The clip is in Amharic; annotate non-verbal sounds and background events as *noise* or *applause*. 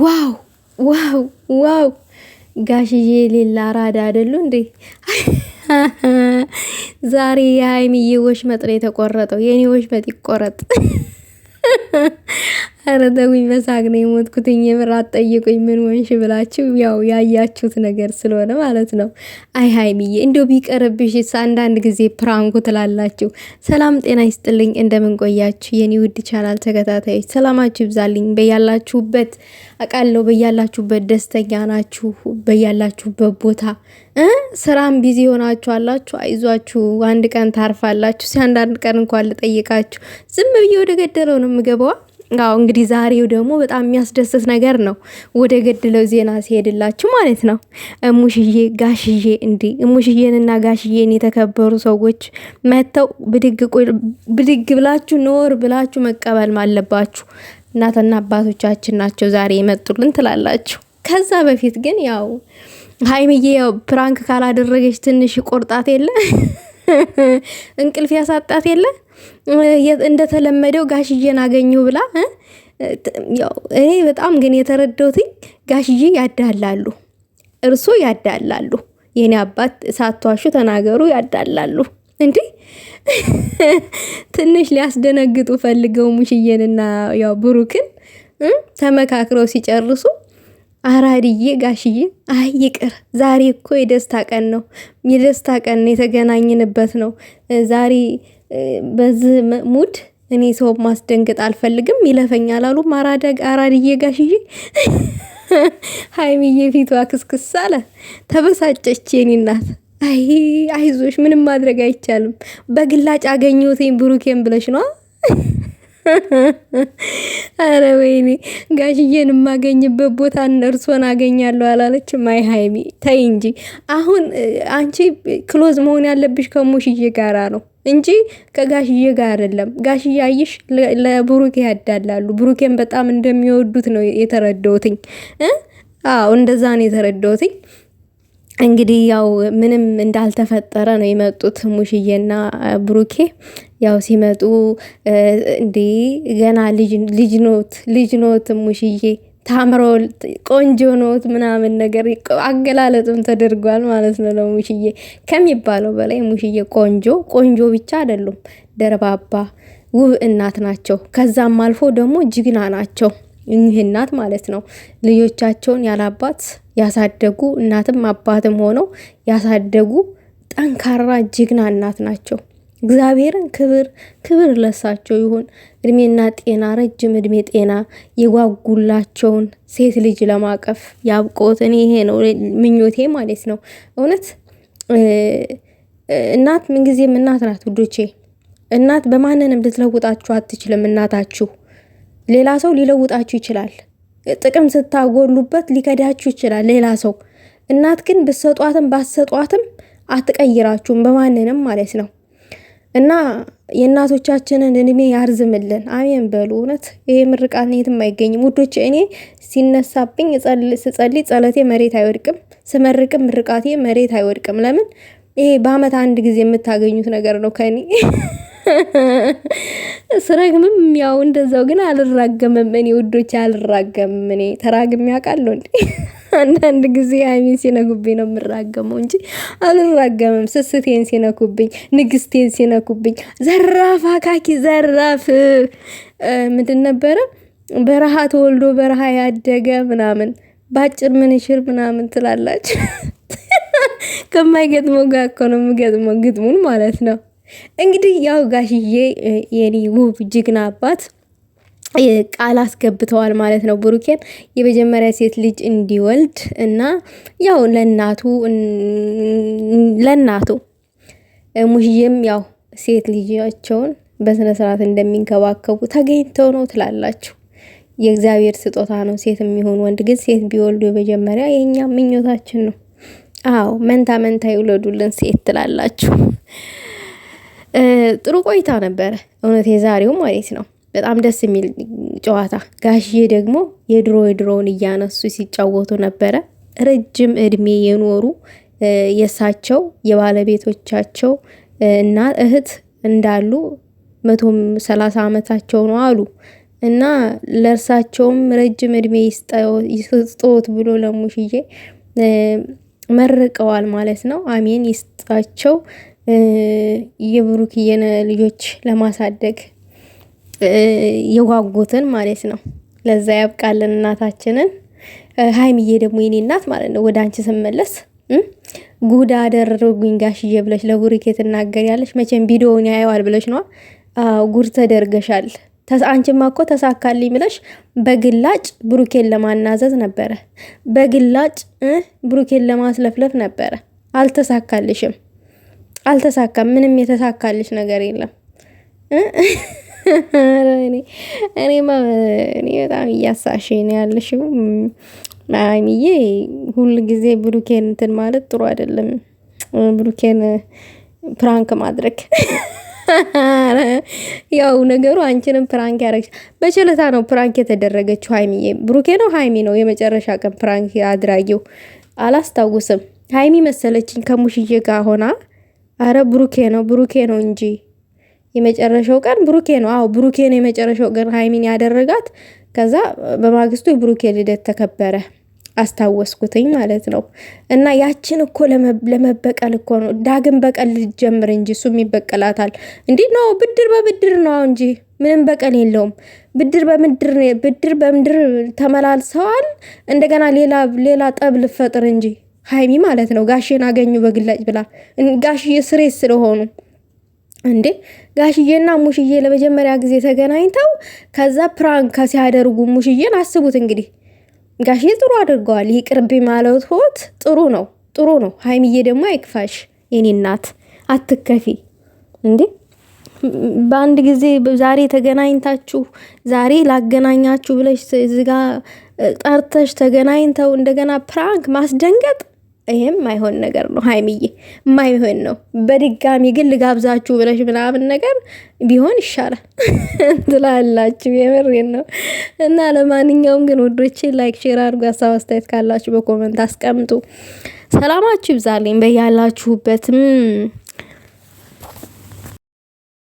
ዋው ዋው ዋው! ጋሽዬ ሌላ አራዳ አይደሉ እንዴ? *laughs* ዛሬ የሀይሚዬ ወሽመጥ ነው የተቆረጠው። የኔ ወሽመጥ ይቆረጥ። *laughs* ኧረ ተውኝ፣ በሳቅ ነው የሞትኩትኝ። የምር አትጠይቁኝ ምን ወንሽ ብላችሁ ያው ያያችሁት ነገር ስለሆነ ማለት ነው። አይ ሀይሚዬ እንዲያው ቢቀርብሽስ አንዳንድ ጊዜ ፕራንኩ ትላላችሁ። ሰላም ጤና ይስጥልኝ፣ እንደምንቆያችሁ የኔ ውድ ቻናል ተከታታዮች ሰላማችሁ ይብዛልኝ በያላችሁበት። አቃለው በያላችሁበት ደስተኛ ናችሁ፣ በያላችሁበት ቦታ ስራም ቢዚ ሆናችሁ አላችሁ። አይዟችሁ፣ አንድ ቀን ታርፋላችሁ። አንዳንድ ቀን እንኳን ልጠይቃችሁ፣ ዝም ብዬ ወደ ገደለው ነው የምገባዋ አዎ እንግዲህ ዛሬው ደግሞ በጣም የሚያስደስት ነገር ነው። ወደ ገድለው ዜና ሲሄድላችሁ ማለት ነው። እሙሽዬ ጋሽዬ እንዲህ እሙሽዬንና ጋሽዬን የተከበሩ ሰዎች መጥተው ብድግ ብላችሁ ኖር ብላችሁ መቀበል አለባችሁ። እናትና አባቶቻችን ናቸው ዛሬ የመጡልን ትላላችሁ። ከዛ በፊት ግን ያው ሀይምዬ ያው ፕራንክ ካላደረገች ትንሽ ቆርጣት የለ *laughs* እንቅልፍ ያሳጣት የለ እንደተለመደው ጋሽዬን አገኘው ብላ ያው እኔ በጣም ግን የተረዳሁትኝ ጋሽዬ ያዳላሉ፣ እርሶ ያዳላሉ። የኔ አባት ሳትዋሹ ተናገሩ፣ ያዳላሉ። እንዲህ ትንሽ ሊያስደነግጡ ፈልገው ሙሽዬንና ያው ብሩክን ተመካክረው ሲጨርሱ አራድዬ ጋሽዬ አይ ይቅር፣ ዛሬ እኮ የደስታ ቀን ነው። የደስታ ቀን የተገናኝንበት ነው። ዛሬ በዚህ ሙድ እኔ ሰው ማስደንገጥ አልፈልግም፣ ይለፈኛል አሉ አራድዬ ጋሽዬ። ሀይሚዬ ፊቷ ክስክስ አለ፣ ተበሳጨች የኔ እናት። አይ አይዞሽ፣ ምንም ማድረግ አይቻልም። በግላጭ አገኘሁት ብሩኬን ብለሽ ነዋ። *laughs* አረ ወይኔ ጋሽዬን የማገኝበት ቦታ እርሶን አገኛለሁ አላለች። ማይ ሀይሚ ተይ እንጂ አሁን አንቺ ክሎዝ መሆን ያለብሽ ከሙሽዬ ጋራ ነው እንጂ ከጋሽዬ ጋር አይደለም። ጋሽዬ አይሽ ለብሩኬ ያዳላሉ። ብሩኬን በጣም እንደሚወዱት ነው የተረዳውትኝ። አዎ እንደዛ ነው የተረዳውትኝ። እንግዲህ ያው ምንም እንዳልተፈጠረ ነው የመጡት ሙሽዬና ብሩኬ ያው ሲመጡ እንዴ ገና ልጅ ኖት ልጅ ኖት ሙሽዬ ታምሮ ቆንጆ ኖት ምናምን ነገር አገላለጥም ተደርጓል ማለት ነው። ለሙሽዬ ከሚባለው በላይ ሙሽዬ ቆንጆ ቆንጆ ብቻ አይደሉም፣ ደርባባ ውብ እናት ናቸው። ከዛም አልፎ ደግሞ ጅግና ናቸው። እኚህ እናት ማለት ነው ልጆቻቸውን ያላባት ያሳደጉ እናትም አባትም ሆነው ያሳደጉ ጠንካራ ጀግና እናት ናቸው። እግዚአብሔርን ክብር ክብር ለሳቸው ይሁን። እድሜና ጤና ረጅም እድሜ ጤና የጓጉላቸውን ሴት ልጅ ለማቀፍ ያብቆት። እኔ ይሄ ነው ምኞቴ ማለት ነው። እውነት እናት ምንጊዜም እናት ናት ውዶቼ። እናት በማንንም ልትለውጣችሁ አትችልም። እናታችሁ ሌላ ሰው ሊለውጣችሁ ይችላል። ጥቅም ስታጎሉበት ሊከዳችሁ ይችላል ሌላ ሰው። እናት ግን ብሰጧትም ባሰጧትም አትቀይራችሁም በማንንም ማለት ነው። እና የእናቶቻችንን እድሜ ያርዝምልን፣ አሜን በሉ። እውነት ይሄ ምርቃት የትም አይገኝም ውዶች። እኔ ሲነሳብኝ ስጸልይ ጸሎቴ መሬት አይወድቅም፣ ስመርቅም ምርቃቴ መሬት አይወድቅም። ለምን ይሄ በአመት አንድ ጊዜ የምታገኙት ነገር ነው ከኔ *laughs* ስረግምም ያው እንደዛው ግን አልራገምም። እኔ ውዶች አልራገምም። እኔ ተራግሜ አውቃለሁ እንዴ? *laughs* አንዳንድ ጊዜ ሀይሚን ሲነኩብኝ ነው የምራገመው እንጂ አልራገምም። ስስቴን ሲነኩብኝ፣ ንግስቴን ሲነኩብኝ፣ ዘራፍ አካኪ ዘራፍ ምንድን ነበረ በረሃ ተወልዶ በረሃ ያደገ ምናምን በአጭር ምንሽር ምናምን ትላላችሁ። *laughs* ከማይገጥመው ጋር እኮ ነው የምገጥመው ግጥሙን ማለት ነው። እንግዲህ ያው ጋሽዬ የኔ ውብ ጀግና አባት ቃል አስገብተዋል ማለት ነው። ብሩኬን የመጀመሪያ ሴት ልጅ እንዲወልድ እና ያው ለእናቱ ለእናቱ ሙሽዬም ያው ሴት ልጃቸውን በስነ ስርዓት እንደሚንከባከቡ ተገኝተው ነው ትላላችሁ። የእግዚአብሔር ስጦታ ነው ሴት የሚሆን ወንድ። ግን ሴት ቢወልዱ የመጀመሪያ የእኛ ምኞታችን ነው። አዎ መንታ መንታ ይውለዱልን ሴት ትላላችሁ። ጥሩ ቆይታ ነበረ እውነት የዛሬው ማለት ነው። በጣም ደስ የሚል ጨዋታ። ጋሽዬ ደግሞ የድሮ የድሮውን እያነሱ ሲጫወቱ ነበረ። ረጅም እድሜ የኖሩ የእሳቸው የባለቤቶቻቸው እና እህት እንዳሉ መቶም ሰላሳ ዓመታቸው ነው አሉ እና ለእርሳቸውም ረጅም እድሜ ይስጦት ብሎ ለሙሽዬ መርቀዋል ማለት ነው። አሜን ይስጣቸው የብሩክዬን ልጆች ለማሳደግ የጓጉትን ማለት ነው። ለዛ ያብቃልን እናታችንን። ሀይሚዬ ደግሞ የኔ እናት ማለት ነው። ወደ አንቺ ስመለስ ጉዳ አደረጉኝ ጋሽዬ ብለሽ ለቡሪኬ ትናገሪያለሽ። መቼም ቪዲዮውን ያየዋል ብለሽ ነዋ። ጉድ ተደርገሻል። አንቺማ እኮ ተሳካልኝ ብለሽ በግላጭ ብሩኬን ለማናዘዝ ነበረ፣ በግላጭ ብሩኬን ለማስለፍለፍ ነበረ። አልተሳካልሽም፣ አልተሳካም። ምንም የተሳካልሽ ነገር የለም። *laughs* እኔማ እኔ በጣም እያሳሽ ነው ያለሽው ሀይሚዬ። ሁል ጊዜ ብሩኬን እንትን ማለት ጥሩ አይደለም። ብሩኬን ፕራንክ ማድረግ ያው ነገሩ አንቺንም ፕራንክ ያደረግሽ በችለታ ነው ፕራንክ የተደረገችው ሀይሚዬ። ብሩኬ ነው ሀይሚ ነው የመጨረሻ ቀን ፕራንክ አድራጊው አላስታውስም። ሀይሚ መሰለችኝ ከሙሽዬ ጋር ሆና አረ ብሩኬ ነው ብሩኬ ነው እንጂ የመጨረሻው ቀን ብሩኬ ነው። አዎ ብሩኬ ነው የመጨረሻው ቀን ሀይሚን ያደረጋት። ከዛ በማግስቱ የብሩኬ ልደት ተከበረ። አስታወስኩትኝ ማለት ነው። እና ያችን እኮ ለመበቀል እኮ ነው ዳግም በቀል ልጀምር እንጂ እሱም ይበቀላታል እንዲ ነው። ብድር በብድር ነው እንጂ ምንም በቀል የለውም። ብድር በምድር ብድር በምድር ተመላልሰዋል። እንደገና ሌላ ሌላ ጠብ ልፈጥር እንጂ ሀይሚ ማለት ነው ጋሽን አገኙ በግላጭ ብላ ጋሽ ስሬት ስለሆኑ እንዴ ጋሽዬና ሙሽዬ ለመጀመሪያ ጊዜ ተገናኝተው ከዛ ፕራንክ ሲያደርጉ ሙሽዬን አስቡት እንግዲህ ጋሽዬ ጥሩ አድርገዋል። ይቅርብ ማለት ሆት ጥሩ ነው ጥሩ ነው። ሀይምዬ ደግሞ አይክፋሽ የኔ እናት አትከፊ እንዴ በአንድ ጊዜ ዛሬ ተገናኝታችሁ ዛሬ ላገናኛችሁ ብለሽ እዚጋ ጠርተሽ ተገናኝተው እንደገና ፕራንክ ማስደንገጥ ይሄም ማይሆን ነገር ነው ሀይሚዬ፣ ማይሆን ነው። በድጋሚ ግን ልጋብዛችሁ ብለሽ ምናምን ነገር ቢሆን ይሻላል *laughs* ትላላችሁ። የምሬን ነው። እና ለማንኛውም ግን ውዶቼ ላይክ፣ ሼር አድርጉ። ሀሳብ አስተያየት ካላችሁ በኮመንት አስቀምጡ። ሰላማችሁ ይብዛልኝ በያላችሁበትም